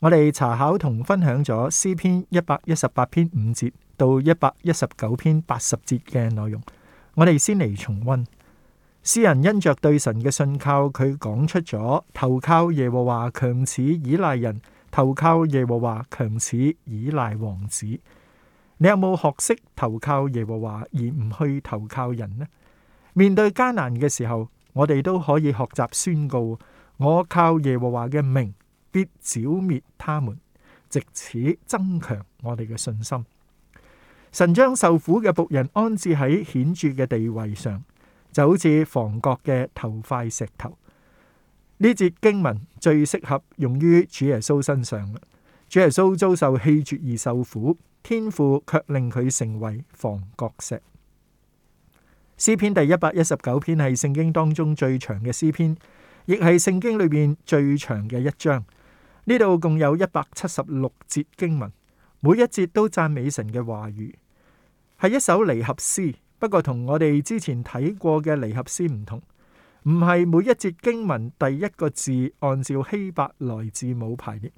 我哋查考同分享咗詩篇一百一十八篇五節到一百一十九篇八十節嘅內容，我哋先嚟重溫。詩人因着對神嘅信靠，佢講出咗投靠耶和華強似依賴人，投靠耶和華強似依賴王子。你有冇學識投靠耶和華而唔去投靠人呢？面對艱難嘅時候，我哋都可以學習宣告：我靠耶和華嘅名。必剿滅他們，借此增強我哋嘅信心。神將受苦嘅僕人安置喺顯著嘅地位上，就好似房角嘅頭塊石頭。呢節經文最適合用於主耶穌身上。主耶穌遭受棄絕而受苦，天父却令佢成為房角石。詩篇第一百一十九篇係聖經當中最長嘅詩篇，亦係聖經裏邊最長嘅一章。呢度共有一百七十六節經文，每一節都讚美神嘅話語，係一首離合詩。不過同我哋之前睇過嘅離合詩唔同，唔係每一節經文第一個字按照希伯來字母排列，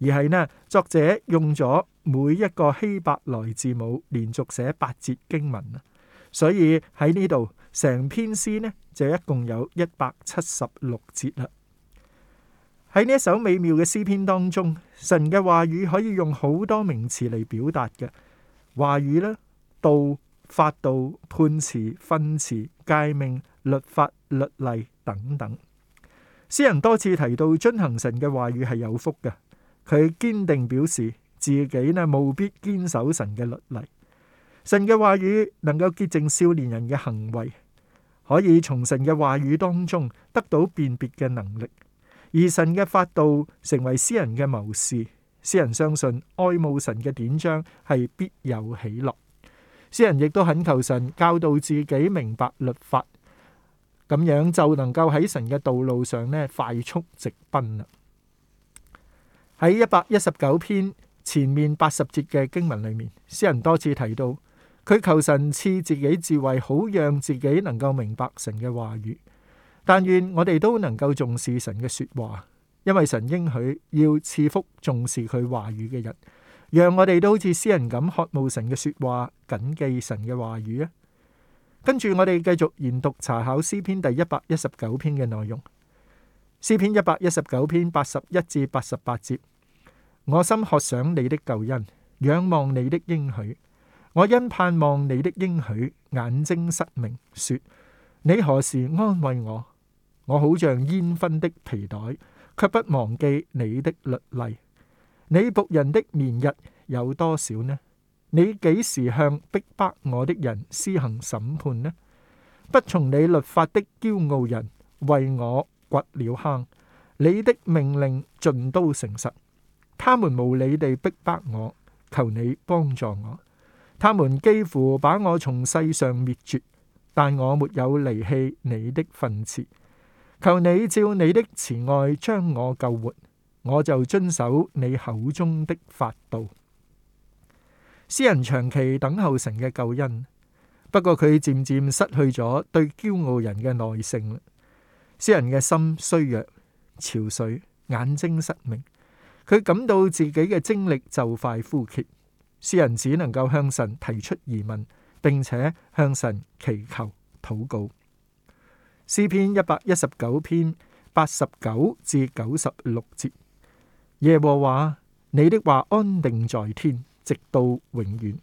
而係呢，作者用咗每一個希伯來字母連續寫八節經文。所以喺呢度，成篇詩呢就一共有一百七十六節啦。喺呢一首美妙嘅詩篇當中，神嘅話語可以用好多名詞嚟表達嘅。話語呢，道、法、道、判詞、訓詞、誡命、律法、律例等等。詩人多次提到遵行神嘅話語係有福嘅，佢堅定表示自己呢務必堅守神嘅律例。神嘅話語能夠潔淨少年人嘅行為，可以從神嘅話語當中得到辨別嘅能力。而神嘅法道成為詩人嘅謀士，詩人相信愛慕神嘅典章係必有喜樂。詩人亦都懇求神教導自己明白律法，咁樣就能夠喺神嘅道路上呢快速直奔啦。喺一百一十九篇前面八十節嘅經文裏面，詩人多次提到佢求神賜自己智慧，好讓自己能夠明白神嘅話語。但願我哋都能夠重視神嘅說話，因為神應許要賜福重視佢話語嘅人，讓我哋都好似詩人咁渴慕神嘅說話，謹記神嘅話語啊！跟住我哋繼續研讀查考詩篇第一百一十九篇嘅內容，詩篇一百一十九篇八十一至八十八節：我心渴想你的救恩，仰望你的應許。我因盼望你的應許，眼睛失明，說：你何時安慰我？我好像煙熏的皮袋，卻不忘記你的律例。你僕人的年日有多少呢？你幾時向逼迫，迫我的人施行審判呢？不從你律法的驕傲人為我掘了坑，你的命令盡都誠實。他們無理地逼迫，迫我，求你幫助我。他們幾乎把我從世上滅絕，但我沒有離棄你的訓詞。求你照你的慈愛將我救活，我就遵守你口中的法度。詩人長期等候神嘅救恩，不過佢漸漸失去咗對驕傲人嘅耐性啦。詩人嘅心衰弱、憔悴、眼睛失明，佢感到自己嘅精力就快枯竭。詩人只能夠向神提出疑問，並且向神祈求禱告。詩篇一百一十九篇八十九至九十六節：耶和華，你的話安定在天，直到永遠；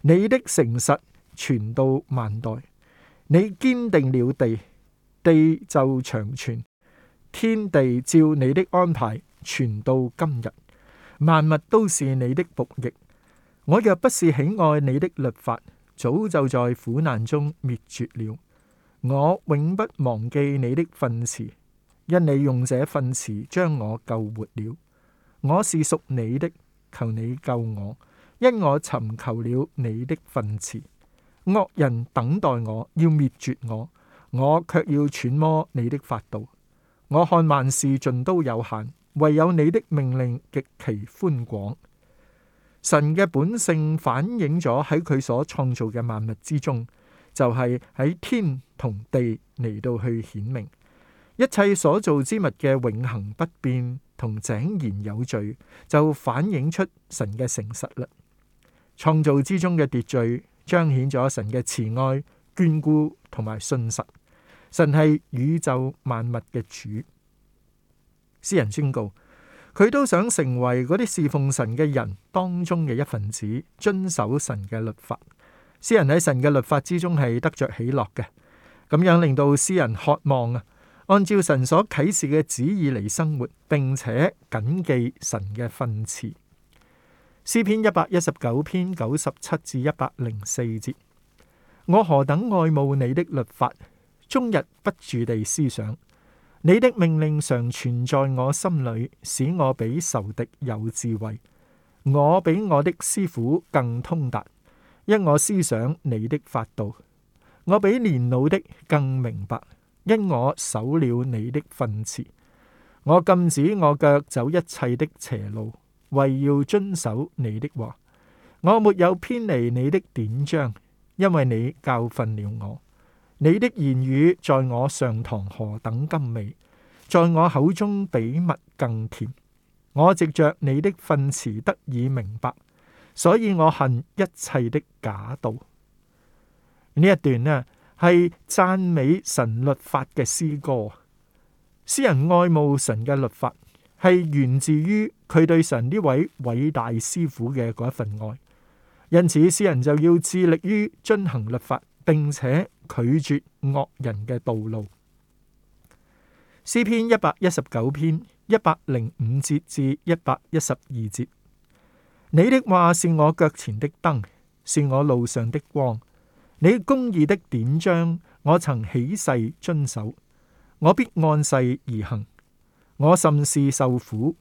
你的誠實傳到萬代，你堅定了地，地就長存；天地照你的安排，傳到今日，萬物都是你的僕役。我若不是喜愛你的律法，早就在苦難中滅絕了。我永不忘記你的訓詞，因你用這訓詞將我救活了。我是屬你的，求你救我，因我尋求了你的訓詞。惡人等待我要滅絕我，我卻要揣摩你的法度。我看萬事盡都有限，唯有你的命令極其寬廣。神嘅本性反映咗喺佢所創造嘅萬物之中。就係喺天同地嚟到去顯明一切所造之物嘅永恆不變同井然有序，就反映出神嘅誠實啦。創造之中嘅秩序彰顯咗神嘅慈愛、眷顧同埋信實。神係宇宙萬物嘅主。詩人宣告，佢都想成為嗰啲侍奉神嘅人當中嘅一份子，遵守神嘅律法。詩人喺神嘅律法之中係得着喜樂嘅，咁樣令到詩人渴望啊，按照神所啟示嘅旨意嚟生活，並且謹記神嘅訓詞。詩篇一百一十九篇九十七至一百零四節：我何等愛慕你的律法，終日不住地思想，你的命令常存在我心裏，使我比仇敵有智慧，我比我的師傅更通達。因我思想你的法度，我比年老的更明白；因我守了你的訓詞，我禁止我腳走一切的邪路，為要遵守你的話。我沒有偏離你的典章，因為你教訓了我。你的言語在我上膛何等甘美，在我口中比蜜更甜。我藉着你的訓詞得以明白。所以我恨一切的假道。呢一段呢係讚美神律法嘅詩歌。詩人愛慕神嘅律法，係源自於佢對神呢位偉大師傅嘅嗰一份愛。因此，詩人就要致力於遵行律法，並且拒絕惡人嘅道路。詩篇一百一十九篇一百零五節至一百一十二節。你的話是我腳前的燈，是我路上的光。你公義的典章，我曾起誓遵守，我必按誓而行。我甚是受苦，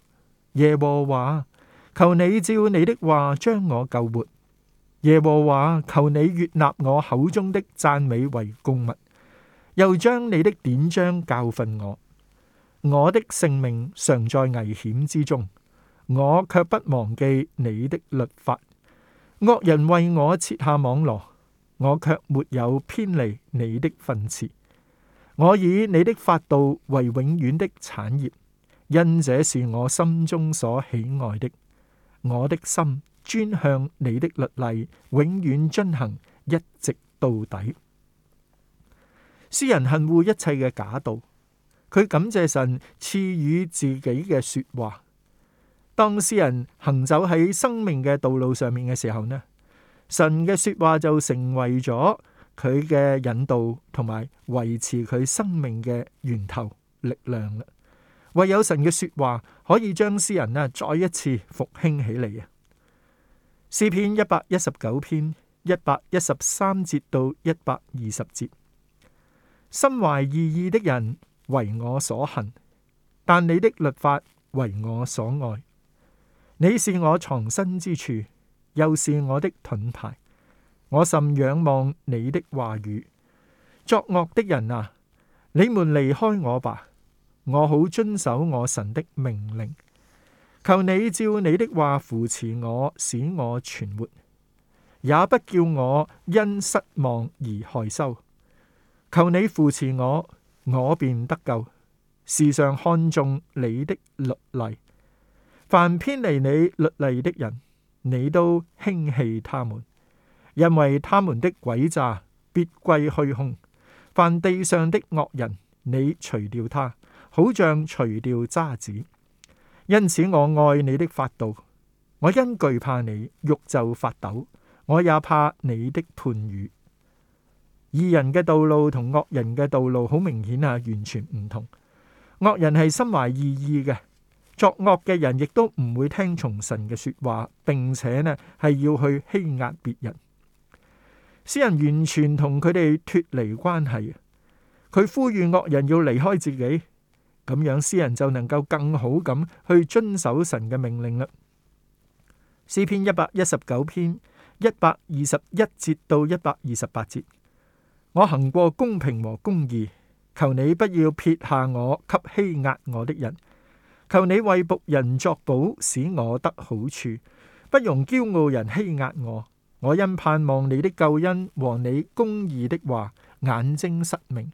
耶和華，求你照你的話將我救活。耶和華，求你悅納我口中的讚美為供物，又將你的典章教訓我。我的性命常在危險之中。我卻不忘記你的律法，惡人為我設下網羅，我卻沒有偏離你的訓詞。我以你的法度為永遠的產業，因這是我心中所喜愛的。我的心專向你的律例，永遠遵行，一直到底。詩人恨惡一切嘅假道，佢感謝神賜予自己嘅說話。當詩人行走喺生命嘅道路上面嘅時候呢，神嘅說話就成為咗佢嘅引導同埋維持佢生命嘅源頭力量啦。唯有神嘅說話可以將詩人啊再一次復興起嚟啊。詩篇一百一十九篇一百一十三節到一百二十節，心懷二意的人為我所恨，但你的律法為我所愛。你是我藏身之處，又是我的盾牌。我甚仰望你的話語。作惡的人啊，你們離開我吧，我好遵守我神的命令。求你照你的話扶持我，使我存活，也不叫我因失望而害羞。求你扶持我，我便得救。時常看重你的律例。凡偏離你律例的人，你都輕棄他們，因為他們的詭詐必歸虛空。凡地上的惡人，你除掉他，好像除掉渣滓。因此我愛你的法度，我因懼怕你，肉就發抖。我也怕你的判語。義人嘅道路同惡人嘅道路好明顯啊，完全唔同。惡人係心懷異意嘅。作惡嘅人亦都唔會聽從神嘅說話，並且呢係要去欺壓別人。詩人完全同佢哋脱離關係，佢呼籲惡人要離開自己，咁樣詩人就能夠更好咁去遵守神嘅命令啦。詩篇一百一十九篇一百二十一節到一百二十八節，我行過公平和公義，求你不要撇下我，給欺壓我的人。求你為僕人作保，使我得好處，不容驕傲人欺壓我。我因盼望你的救恩和你公義的話，眼睛失明。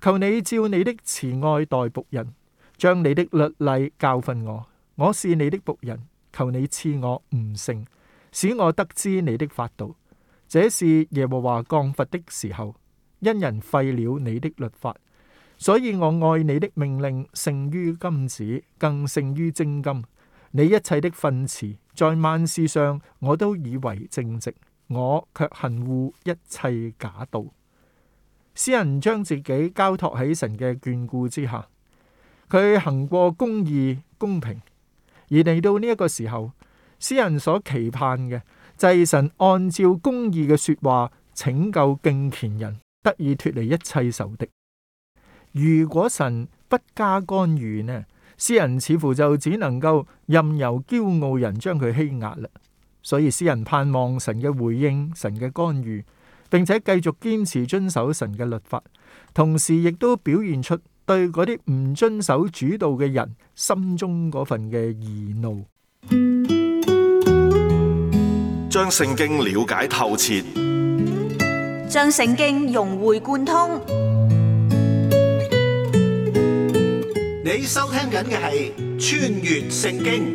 求你照你的慈愛待僕人，將你的律例教訓我。我是你的僕人，求你賜我悟性，使我得知你的法度。這是耶和華降罰的時候，因人廢了你的律法。所以我愛你的命令勝於金子，更勝於精金。你一切的訓詞，在萬事上我都以為正直，我卻恨惡一切假道。詩人將自己交託喺神嘅眷顧之下，佢行過公義、公平，而嚟到呢一個時候，詩人所期盼嘅，就係神按照公義嘅說話拯救敬虔人，得以脱離一切仇敵。如果神不加干預呢，詩人似乎就只能夠任由驕傲人將佢欺壓啦。所以詩人盼望神嘅回應、神嘅干預，並且繼續堅持遵守神嘅律法，同時亦都表現出對嗰啲唔遵守主道嘅人心中嗰份嘅義怒。將聖經了解透徹，將聖經融會貫通。你收聽緊嘅，係穿越聖經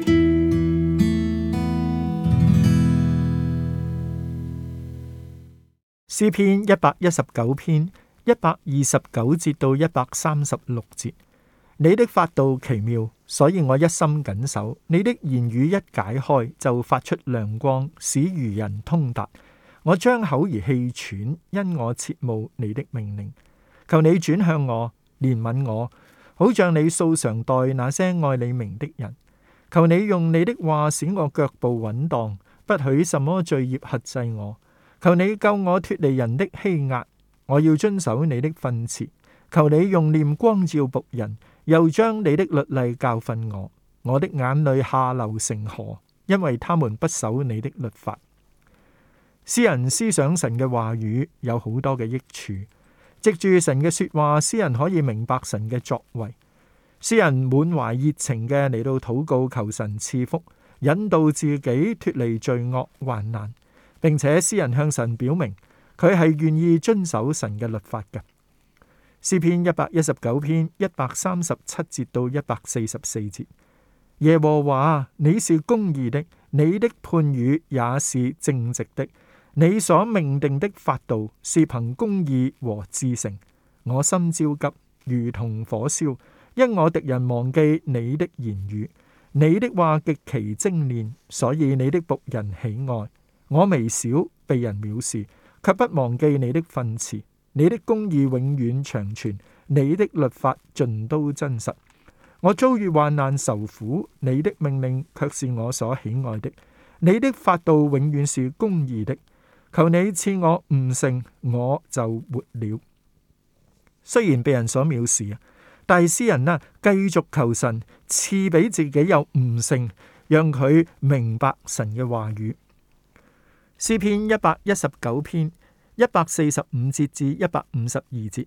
詩篇一百一十九篇一百二十九節到一百三十六節。你的法度奇妙，所以我一心謹守。你的言語一解開，就發出亮光，使愚人通達。我張口而氣喘，因我切慕你的命令。求你轉向我，憐憫我，好像你素常待那些愛你名的人，求你用你的話使我腳步穩當，不許什麼罪孽轄制我。求你救我脱離人的欺壓，我要遵守你的訓詞。求你用念光照僕人，又將你的律例教訓我。我的眼淚下流成河，因為他們不守你的律法。詩人思想神嘅話語有好多嘅益處。藉住神嘅說話，詩人可以明白神嘅作為。詩人滿懷熱情嘅嚟到禱告，求神賜福，引導自己脫離罪惡患難，並且詩人向神表明佢係願意遵守神嘅律法嘅。詩篇一百一十九篇一百三十七節到一百四十四節，耶和華你是公義的，你的判語也是正直的。你所命定的法度是憑公義和至誠，我心焦急如同火燒，因我敵人忘記你的言語。你的話極其精煉，所以你的僕人喜愛。我微小被人藐視，卻不忘記你的訓詞。你的公義永遠長存，你的律法盡都真實。我遭遇患難愁苦，你的命令卻是我所喜愛的。你的法度永遠是公義的。求你賜我悟性，我就活了。雖然被人所藐視啊，但係詩人呢繼續求神賜俾自己有悟性，讓佢明白神嘅話語。詩篇一百一十九篇一百四十五節至一百五十二節：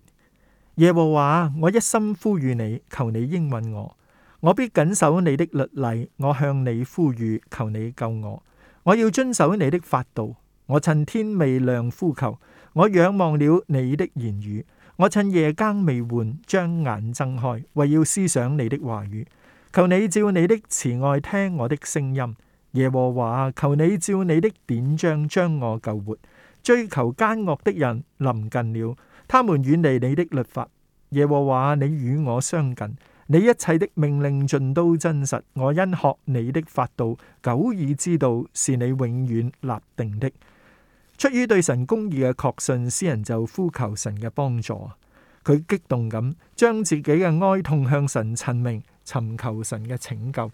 耶和華，我一心呼籲你，求你應允我。我必謹守你的律例，我向你呼籲，求你救我。我要遵守你的法度。我趁天未亮呼求，我仰望了你的言語。我趁夜更未換，將眼睜開，為要思想你的話語。求你照你的慈愛聽我的聲音，耶和華啊，求你照你的典章將我救活。追求奸惡的人臨近了，他們遠離你的律法。耶和華，你與我相近，你一切的命令盡都真實。我因學你的法度，久已知道是你永遠立定的。出於對神公義嘅確信，詩人就呼求神嘅幫助。佢激動咁將自己嘅哀痛向神陳明，尋求神嘅拯救。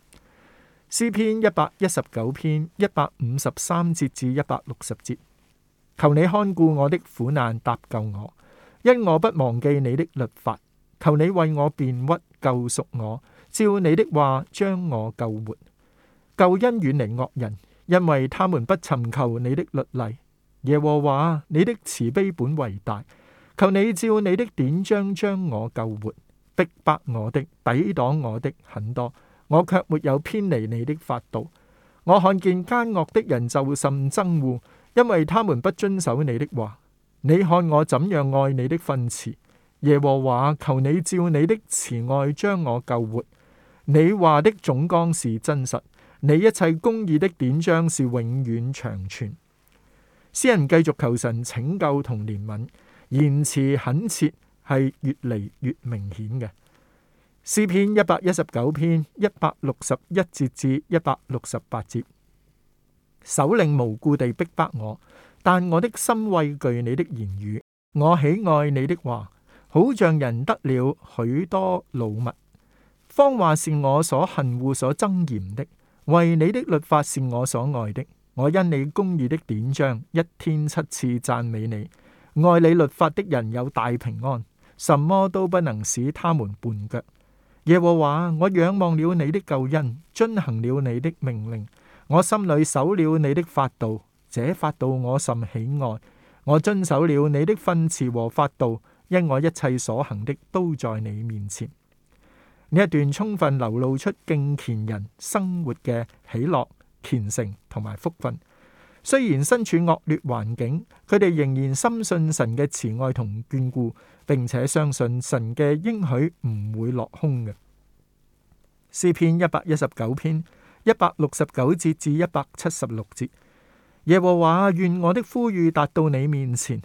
詩篇一百一十九篇一百五十三節至一百六十節，求你看顧我的苦難，搭救我，因我不忘記你的律法。求你為我辨屈，救贖我，照你的話將我救活。救恩遠離惡人，因為他們不尋求你的律例。耶和華，你的慈悲本為大，求你照你的典章將我救活，逼迫我的、抵擋我的很多，我卻沒有偏離你的法度。我看見奸惡的人就甚憎惡，因為他們不遵守你的話。你看我怎樣愛你的訓詞，耶和華，求你照你的慈愛將我救活。你話的總綱是真實，你一切公義的典章是永遠長存。詩人繼續求神拯救同憐憫，言辭懇切，係越嚟越明顯嘅。詩篇一百一十九篇一百六十一節至一百六十八節，首領無故地逼迫我，但我的心畏懼你的言語，我喜愛你的話，好像人得了許多擄物。謊話是我所恨惡所憎嫌的，惟你的律法是我所愛的。我因你公義的典章，一天七次讚美你；愛你律法的人有大平安，什麼都不能使他們絆腳。耶和華，我仰望了你的救恩，遵行了了你的命令，我心裏守了你的法度，這法度我甚喜愛。我遵守了你的訓詞和法度，因我一切所行的都在你面前。呢一段充分流露出敬虔人生活嘅喜樂。虔誠同埋福分，雖然身處惡劣環境，佢哋仍然深信神嘅慈愛同眷顧，並且相信神嘅應許唔會落空嘅。詩篇一百一十九篇一百六十九節至一百七十六節，耶和華願我的呼籲達到你面前，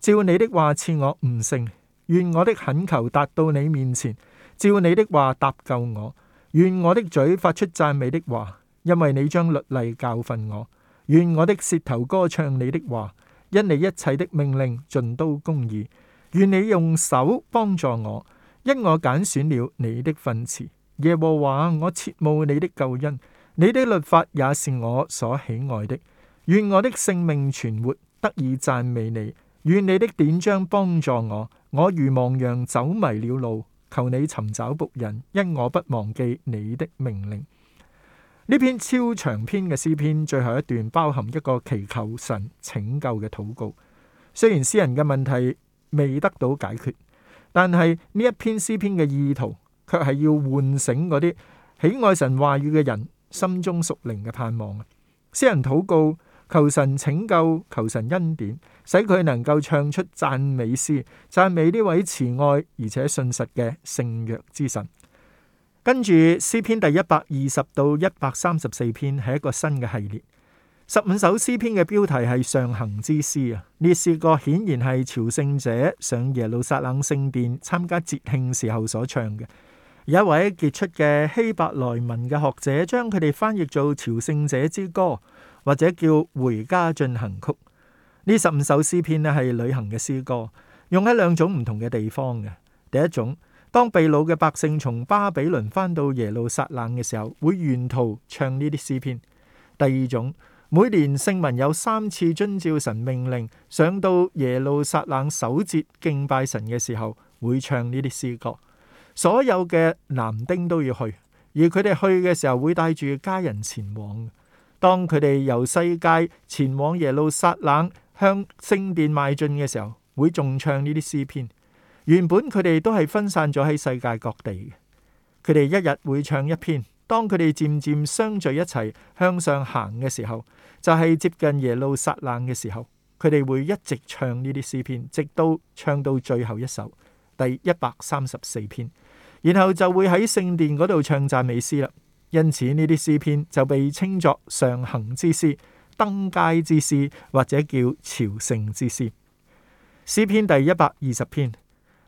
照你的話賜我悟性；願我的懇求達到你面前，照你的話搭救我；願我的嘴發出讚美的話。因為你將律例教訓我，願我的舌頭歌唱你的話，因你一切的命令盡都公義。願你用手幫助我，因我揀選了你的訓詞。耶和華，我切慕你的救恩，你的律法也是我所喜愛的。願我的性命存活，得以讚美你。願你的典章幫助我，我如亡羊走迷了路，求你尋找僕人，因我不忘記你的命令。呢篇超長篇嘅詩篇，最後一段包含一個祈求神拯救嘅禱告。雖然詩人嘅問題未得到解決，但係呢一篇詩篇嘅意圖，卻係要喚醒嗰啲喜愛神話語嘅人心中屬靈嘅盼望啊！詩人禱告，求神拯救，求神恩典，使佢能夠唱出讚美詩，讚美呢位慈愛而且信實嘅聖約之神。跟住詩篇第一百二十到一百三十四篇係一個新嘅系列，十五首詩篇嘅標題係上行之詩啊。呢詩歌顯然係朝聖者上耶路撒冷聖殿參加節慶時候所唱嘅。有一位傑出嘅希伯來文嘅學者將佢哋翻譯做朝聖者之歌，或者叫回家進行曲。呢十五首詩篇咧係旅行嘅詩歌，用喺兩種唔同嘅地方嘅。第一種。當被擄嘅百姓從巴比倫返到耶路撒冷嘅時候，會沿途唱呢啲詩篇。第二種，每年聖民有三次遵照神命令上到耶路撒冷守節敬拜神嘅時候，會唱呢啲詩歌。所有嘅男丁都要去，而佢哋去嘅時候會帶住家人前往。當佢哋由世界前往耶路撒冷向聖殿邁進嘅時候，會仲唱呢啲詩篇。原本佢哋都係分散咗喺世界各地嘅。佢哋一日會唱一篇。當佢哋漸漸相聚一齊向上行嘅時候，就係接近耶路撒冷嘅時候，佢哋會一直唱呢啲詩篇，直到唱到最後一首第一百三十四篇，然後就會喺聖殿嗰度唱讚美詩啦。因此呢啲詩篇就被稱作上行之詩、登階之詩，或者叫朝聖之詩。詩篇第一百二十篇。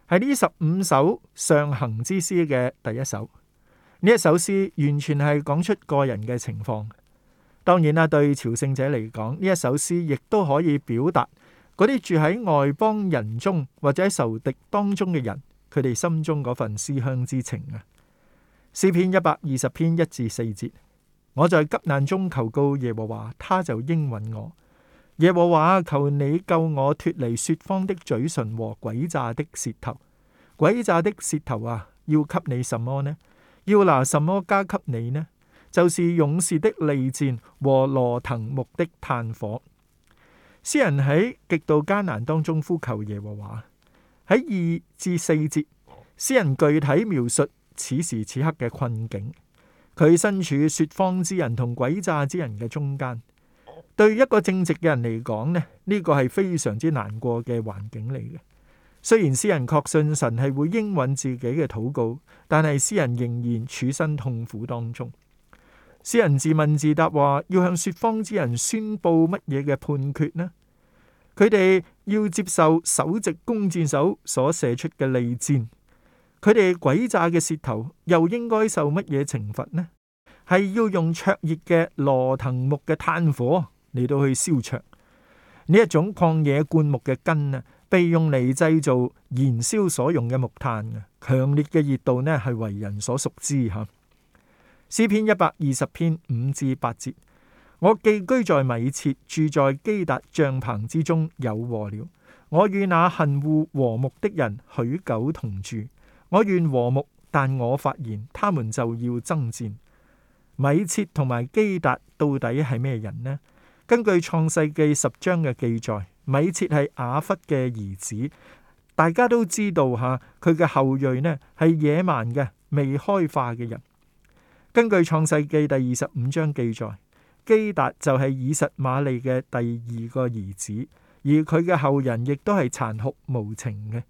喺呢十五首上行之詩嘅第一首，呢一首詩完全係講出個人嘅情況。當然啦，對朝聖者嚟講，呢一首詩亦都可以表達嗰啲住喺外邦人中或者仇敵當中嘅人，佢哋心中嗰份思鄉之情啊。詩篇一百二十篇一至四節，我在急難中求告耶和華，他就應允我。耶和華，求你救我脫離說謊的嘴唇和詭詐的舌頭。詭詐的舌頭啊，要給你什麼呢？要拿什麼加給你呢？就是勇士的利箭和羅藤木的炭火。詩人喺極度艱難當中呼求耶和華。喺二至四節，詩人具體描述此時此刻嘅困境。佢身處說謊之人同詭詐之人嘅中間。對一個正直嘅人嚟講咧，呢、呢個係非常之難過嘅環境嚟嘅。雖然詩人確信神係會應允自己嘅禱告，但係詩人仍然處身痛苦當中。詩人自問自答：話要向說謊之人宣布乜嘢嘅判決呢？佢哋要接受首席弓箭手所射出嘅利箭，佢哋詭詐嘅舌頭又應該受乜嘢懲罰呢？係要用灼熱嘅羅藤木嘅炭火。嚟到去燒灼呢一種曠野灌木嘅根啊，被用嚟製造燃燒所用嘅木炭嘅強烈嘅熱度呢，係為人所熟知吓。詩篇一百二十篇五至八節，我寄居在米切，住在基達帳篷之中，有禍了。我與那恨戶和睦的人許久同住，我願和睦，但我發言他們就要爭戰。米切同埋基達到底係咩人呢？根據《創世記》十章嘅記載，米設係雅弗嘅兒子。大家都知道嚇，佢嘅後裔呢係野蠻嘅、未開化嘅人。根據《創世記》第二十五章記載，基達就係以實瑪利嘅第二個兒子，而佢嘅後人亦都係殘酷無情嘅。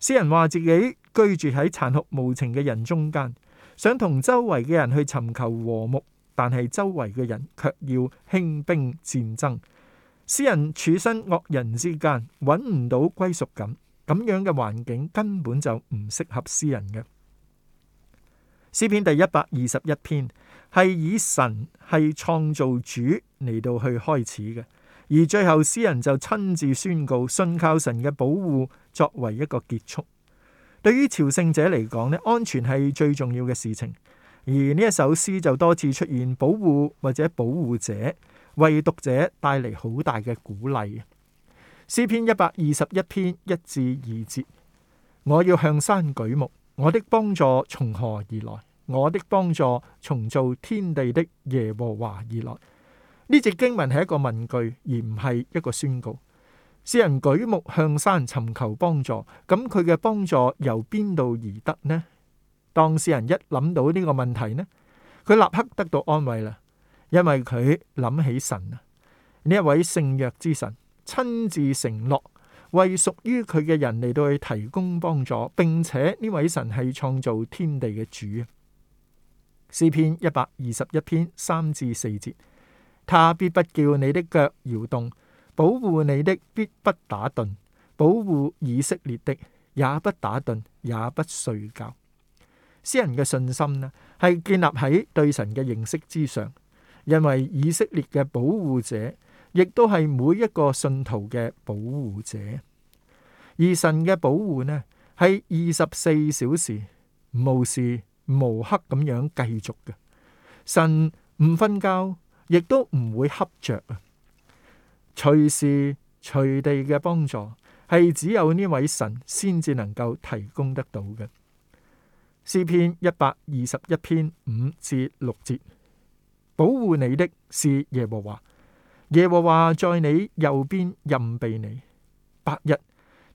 詩人話自己居住喺殘酷無情嘅人中間，想同周圍嘅人去尋求和睦。但係周圍嘅人卻要興兵戰爭，詩人處身惡人之間，揾唔到歸屬感，咁樣嘅環境根本就唔適合詩人嘅。詩篇第一百二十一篇係以神係創造主嚟到去開始嘅，而最後詩人就親自宣告信靠神嘅保護作為一個結束。對於朝聖者嚟講呢，安全係最重要嘅事情。而呢一首詩就多次出現保護或者保護者，為讀者帶嚟好大嘅鼓勵。詩篇一百二十一篇一至二節，我要向山舉目，我的幫助從何而來？我的幫助從造天地的耶和華而來。呢節經文係一個問句，而唔係一個宣告。詩人舉目向山尋求幫助，咁佢嘅幫助由邊度而得呢？當事人一諗到呢個問題呢，佢立刻得到安慰啦，因為佢諗起神啊，呢一位聖約之神親自承諾為屬於佢嘅人嚟到去提供幫助，並且呢位神係創造天地嘅主啊。詩篇一百二十一篇三至四節：他必不叫你的腳搖動，保護你的必不打盹，保護以色列的也不打盹，也不睡覺。詩人嘅信心呢，係建立喺對神嘅認識之上，因為以色列嘅保護者，亦都係每一個信徒嘅保護者。而神嘅保護呢，係二十四小時無時無刻咁樣繼續嘅。神唔瞓覺，亦都唔會瞌着啊！隨時隨地嘅幫助，係只有呢位神先至能夠提供得到嘅。詩篇一百二十一篇五至六節，保護你的，是耶和華，耶和華在你右邊蔭庇你。白日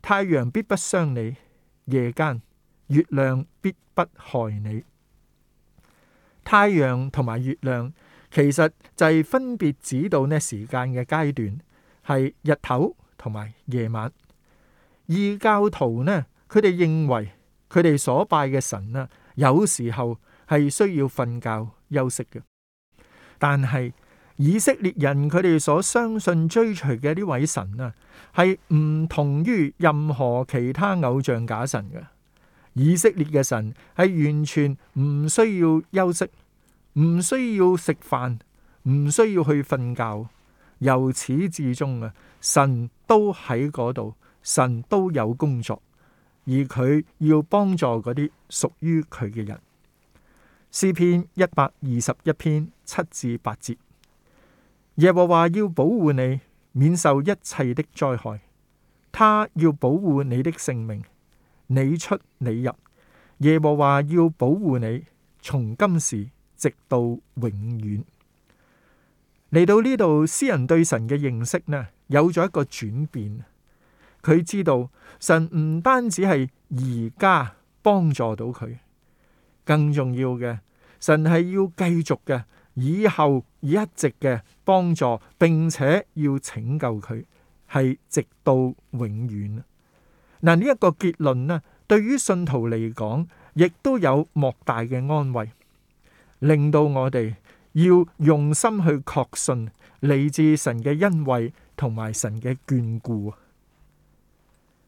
太陽必不傷你，夜間月亮必不害你。太陽同埋月亮其實就係分別指到呢時間嘅階段，係日頭同埋夜晚。異教徒呢，佢哋認為。佢哋所拜嘅神啦，有時候係需要瞓覺休息嘅。但係以色列人佢哋所相信追隨嘅呢位神啊，係唔同於任何其他偶像假神嘅。以色列嘅神係完全唔需要休息，唔需要食飯，唔需要去瞓覺。由始至終啊，神都喺嗰度，神都有工作。而佢要幫助嗰啲屬於佢嘅人。詩篇一百二十一篇七至八節，耶和華要保護你，免受一切的災害。他要保護你的性命，你出你入。耶和華要保護你，從今時直到永遠。嚟到呢度，詩人對神嘅認識呢，有咗一個轉變。佢知道神唔單止係而家幫助到佢，更重要嘅，神係要繼續嘅，以後一直嘅幫助，並且要拯救佢，係直到永遠，嗱，呢一個結論咧，對於信徒嚟講，亦都有莫大嘅安慰，令到我哋要用心去確信嚟自神嘅恩惠同埋神嘅眷顧。